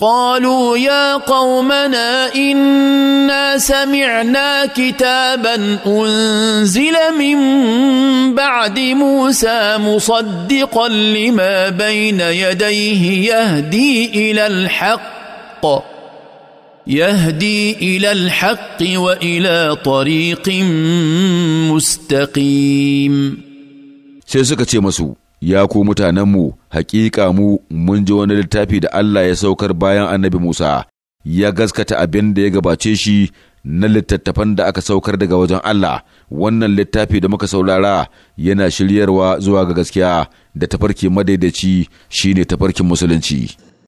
قالوا يا قومنا انا سمعنا كتابا انزل من بعد موسى مصدقا لما بين يديه يهدي الى الحق يهدي الى الحق والى طريق مستقيم مسو ya ku mutanenmu hakika mu mun ji wani littafi da Allah ya saukar bayan annabi Musa ya gaskata abin da ya gabace shi na littattafan da aka saukar daga wajen Allah wannan littafi da muka saulara yana shiryarwa zuwa ga gaskiya da tafarki madaidaci shine tafarkin musulunci